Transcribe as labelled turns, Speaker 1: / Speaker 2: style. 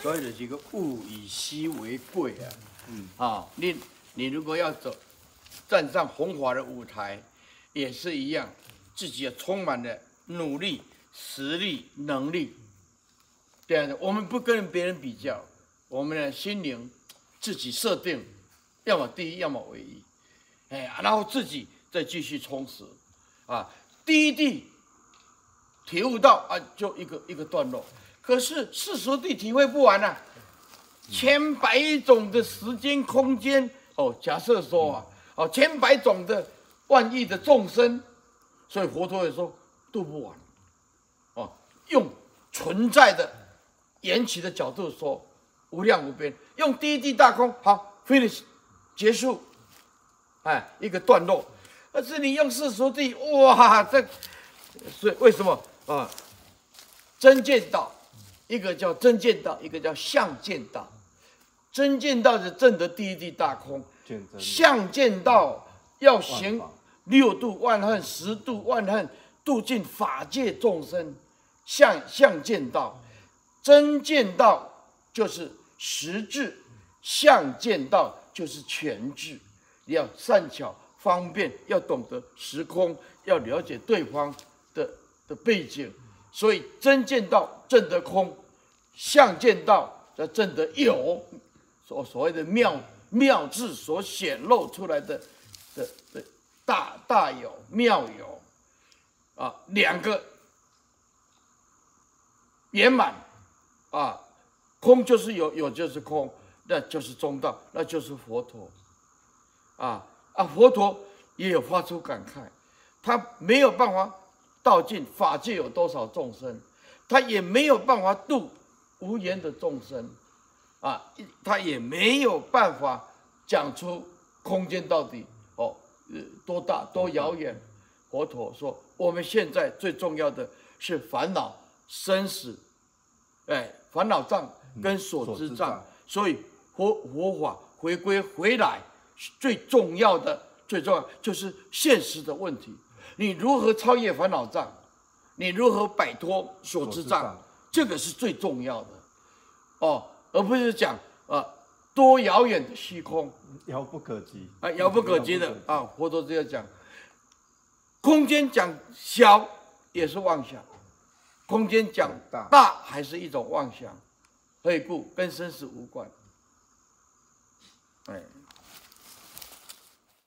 Speaker 1: 所以呢，這個物以稀為貴啊，嗯啊，你你如果要走，站上紅華的舞台，也是一樣，自己要充滿了努力、實力、能力，對、啊、我們不跟別人比較，我們的心靈自己設定，要麼第一，要麼唯一，哎，啊、然後自己再繼續充實啊，第一地體悟到啊，就一個一個段落。可是世俗地體會不完吶、啊，千百種的時間空間哦，假設說啊，哦千百種的萬億的眾生，所以佛陀也說度不完，哦用存在的緣起的角度說無量無邊，用第一義大空好 finish 結束，哎一個段落，但是你用世俗地哇這，所以為什麼啊、哦、真見道。一個叫真見道，一個叫相見道。真見道是證得第一地大空，相見道要行六度萬恨，十度萬恨，度盡法界眾生。相相見道，真見道就是實智，相見道就是權智。你要善巧方便，要懂得時空，要了解對方的的背景。所以真見道證得空。相見道這正的有，所所謂的妙妙智所顯露出來的的的的大大有妙有，啊，兩個圓滿啊，空就是有，有就是空，那就是中道，那就是佛陀啊啊！佛陀也有發出感慨，他沒有辦法道盡法界有多少眾生，他也沒有辦法度。無言的眾生，啊，他也沒有辦法講出空間到底哦，呃，多大多遙遠，嗯。佛陀說，我們現在最重要的是煩惱、生死，哎，煩惱障跟所知障。所知障。所以，佛佛法回歸回來，最重要的、最重要的就是現實的問題：你如何超越煩惱障？你如何擺脫所知障？這個是最重要的哦，而不是講啊、呃、多遙遠的虛空，遙不可及啊，遙不可及的啊，佛陀這樣講。空間講小也是妄想，空間講大還是一種妄想，所以故跟生死無關。哎。